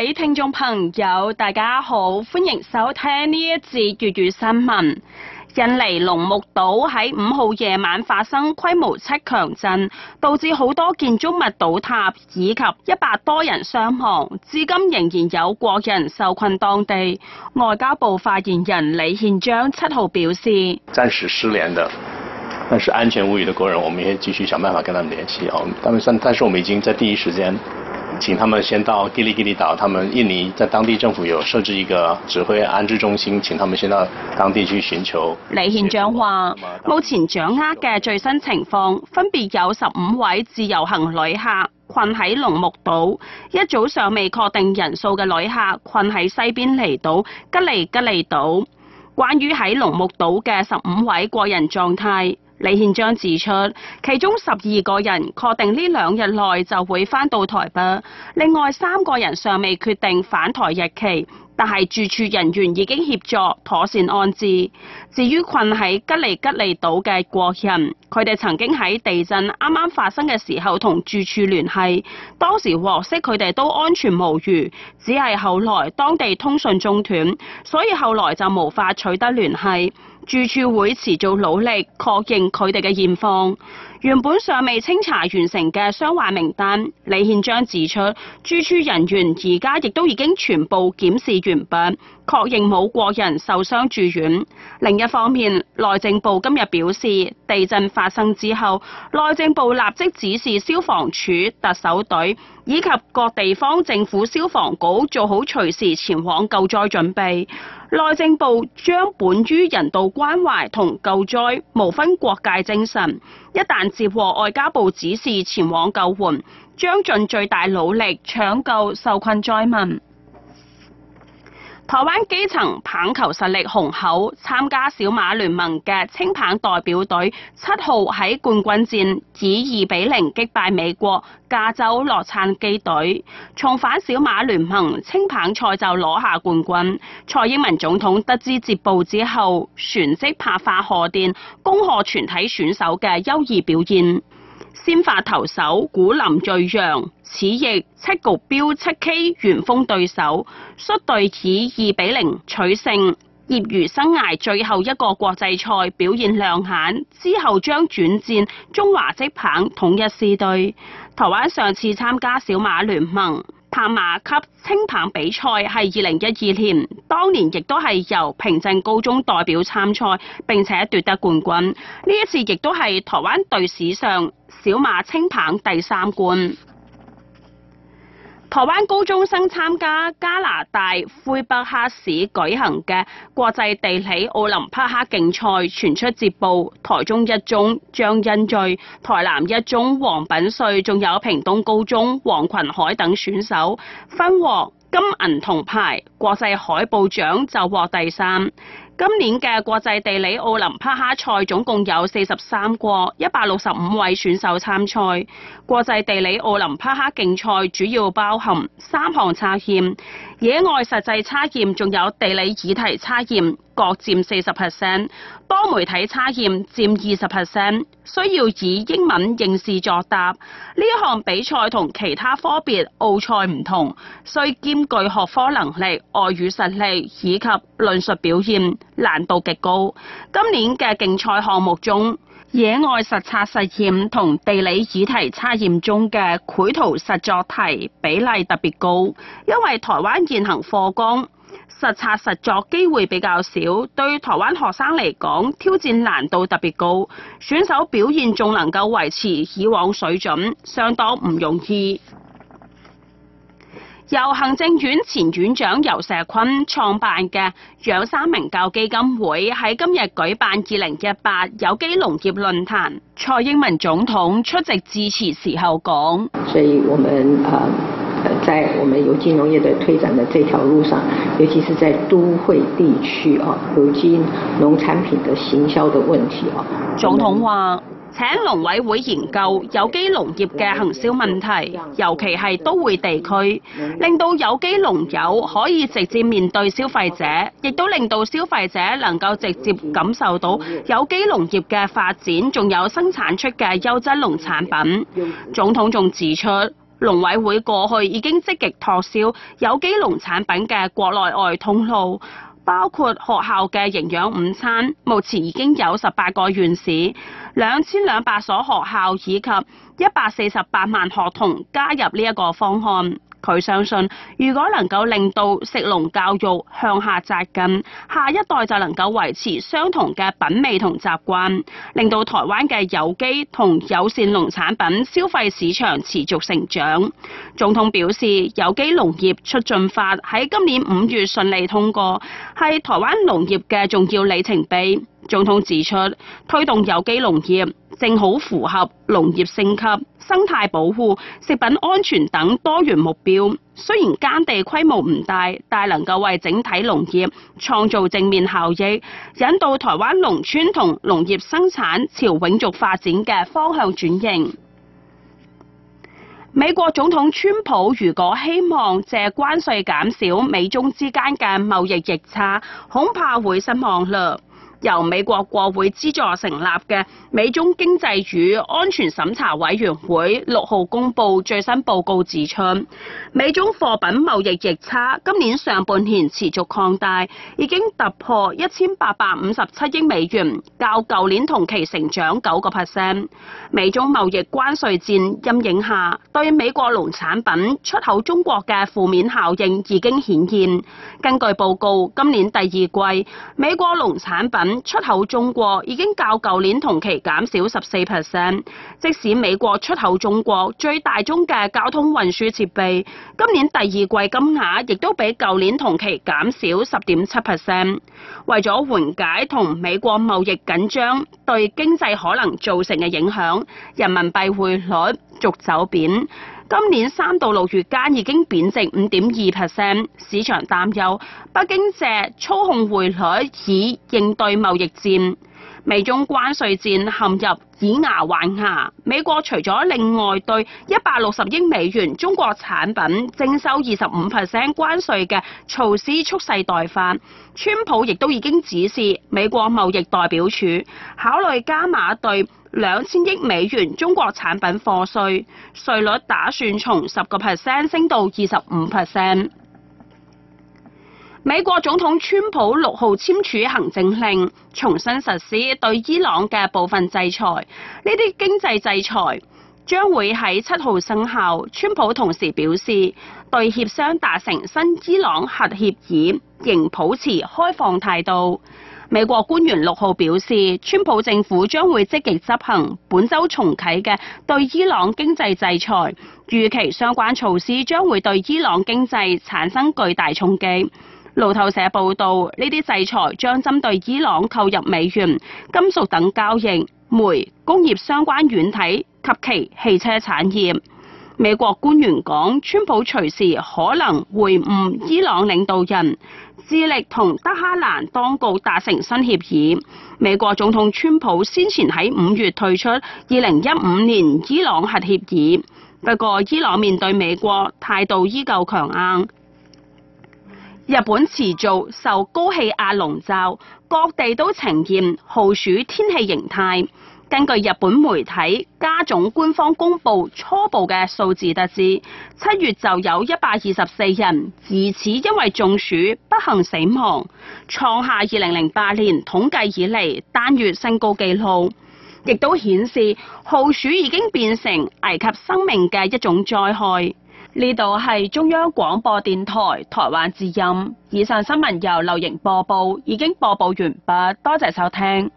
各位聽眾朋友，大家好，歡迎收聽呢一節粵語新聞。印尼龍目島喺五號夜晚發生規模七強震，導致好多建築物倒塌以及一百多人傷亡，至今仍然有國人受困當地。外交部發言人李憲章七號表示：暫時失聯的，但是安全無虞的國人，我們也繼續想辦法跟他們聯繫哦。但但是我們已經在第一時間。請他們先到吉里吉里島，他們印尼在當地政府有設置一個指揮安置中心，請他們先到當地去尋求。李縣長話，目前掌握嘅最新情況，分別有十五位自由行旅客困喺龍目島，一早上未確定人數嘅旅客困喺西邊離島、吉里吉里島。關於喺龍目島嘅十五位個人狀態。李憲章指出，其中十二個人確定呢兩日內就會返到台北，另外三個人尚未決定返台日期，但係住處人員已經協助妥善安置。至於困喺吉利吉利島嘅國人，佢哋曾經喺地震啱啱發生嘅時候同住處聯繫，當時獲悉佢哋都安全無虞，只係後來當地通訊中斷，所以後來就無法取得聯繫。駐處會持續努力確認佢哋嘅現況，原本尚未清查完成嘅傷患名單，李憲章指出，駐處人員而家亦都已經全部檢視完畢。確認冇國人受傷住院。另一方面，內政部今日表示，地震發生之後，內政部立即指示消防署、特搜隊以及各地方政府消防局做好隨時前往救災準備。內政部將本於人道關懷同救災，無分國界精神。一旦接獲外交部指示前往救援，將盡最大努力搶救受困災民。台灣基層棒球實力雄厚，參加小馬聯盟嘅青棒代表隊七號喺冠軍戰以二比零擊敗美國加州洛杉磯隊，重返小馬聯盟青棒賽就攞下冠軍。蔡英文總統得知捷報之後，旋即拍發賀電，恭賀全體選手嘅優異表現。先發投手古林最揚，此役七局飆七 K 完封對手，率隊以二比零取勝。業餘生涯最後一個國際賽表現亮眼，之後將轉戰中華職棒統一獅隊。台灣上次參加小馬聯盟。小馬級青棒比賽係二零一二年，當年亦都係由平鎮高中代表參賽，並且奪得冠軍。呢一次亦都係台灣隊史上小馬青棒第三冠。台灣高中生參加加拿大魁北克市舉行嘅國際地理奧林匹克競賽，傳出捷報。台中一中張欣晉、台南一中黃品瑞，仲有屏東高中黃群海等選手分獲。金銀銅牌，國際海報獎就獲第三。今年嘅國際地理奧林匹克賽總共有四十三個一百六十五位選手參賽。國際地理奧林匹克競賽主要包含三項測驗，野外實際測驗，仲有地理議題測驗。各佔四十 percent，多媒體測驗佔二十 percent，需要以英文應試作答。呢一項比賽同其他科別奧賽唔同，需兼具學科能力、外語實力以及論述表現，難度極高。今年嘅競賽項目中，野外實測實驗同地理議題測驗中嘅繪圖實作題比例特別高，因為台灣現行課綱，實察實作機會比較少，對台灣學生嚟講挑戰難度特別高，選手表現仲能夠維持以往水準，相當唔容易。由行政院前院長游錫堃創辦嘅仰山文教基金會喺今日舉辦2018有機農業論壇，蔡英文總統出席致辭時候講：所以我們、啊在我們有機農業的推展的這條路上，尤其是在都會地區啊，有機農產品的行銷的問題啊。總統話，請農委會研究有機農業嘅行銷問題，尤其係都會地區，令到有機農友可以直接面對消費者，亦都令到消費者能夠直接感受到有機農業嘅發展，仲有生產出嘅優質農產品。總統仲指出。農委會過去已經積極拓銷有機農產品嘅國內外通路，包括學校嘅營養午餐，目前已經有十八個縣市、兩千兩百所學校以及一百四十八萬學童加入呢一個方案。佢相信，如果能夠令到食農教育向下扎根，下一代就能夠維持相同嘅品味同習慣，令到台灣嘅有機同友善農產品消費市場持續成長，總統表示，有機農業促進法喺今年五月順利通過，係台灣農業嘅重要里程碑。總統指出，推動有機農業正好符合農業升級。生態保護、食品安全等多元目標，雖然耕地規模唔大，但能夠為整體農業創造正面效益，引導台灣農村同農業生產朝永續發展嘅方向轉型。美國總統川普如果希望借關稅減少美中之間嘅貿易逆差，恐怕會失望啦。由美國國會資助成立嘅美中經濟與安全審查委員會六號公佈最新報告指出，美中貨品貿易逆差今年上半年持續擴大，已經突破一千八百五十七億美元，較舊年同期成長九個 percent。美中貿易關稅戰陰影下，對美國農產品出口中國嘅負面效應已經顯現。根據報告，今年第二季美國農產品出口中國已經較舊年同期減少十四 percent，即使美國出口中國最大宗嘅交通運輸設備，今年第二季金額亦都比舊年同期減少十點七 percent。為咗緩解同美國貿易緊張對經濟可能造成嘅影響，人民幣匯率逐走貶。今年三到六月間已經貶值五點二 percent，市場擔憂北京借操控匯率以應對貿易戰。美中關稅戰陷入以牙還牙。美國除咗另外對一百六十億美元中國產品徵收二十五 percent 關稅嘅措施蓄勢待發，川普亦都已經指示美國貿易代表處考慮加碼對兩千億美元中國產品課稅，稅率打算從十個 percent 升到二十五 percent。美國總統川普六號簽署行政令，重新實施對伊朗嘅部分制裁。呢啲經濟制裁將會喺七號生效。川普同時表示，對協商達成新伊朗核協議仍保持開放態度。美國官員六號表示，川普政府將會積極執行本周重啟嘅對伊朗經濟制裁，預期相關措施將會對伊朗經濟產生巨大衝擊。路透社報道，呢啲制裁將針對伊朗購入美元、金屬等交易、煤、工業相關軟體及其汽車產業。美國官員講，川普隨時可能會晤伊朗領導人，致力同德哈蘭當局達成新協議。美國總統川普先前喺五月退出二零一五年伊朗核協議，不過伊朗面對美國態度依舊強硬。日本持續受高氣壓籠罩，各地都呈現酷暑天氣形態。根據日本媒體加總官方公布初步嘅數字得知，七月就有一百二十四人疑似因為中暑不幸死亡，創下二零零八年統計以嚟單月新高紀錄，亦都顯示酷暑已經變成危及生命嘅一種災害。呢度係中央廣播電台台灣之音。以上新聞由劉瑩播報，已經播報完畢，多謝收聽。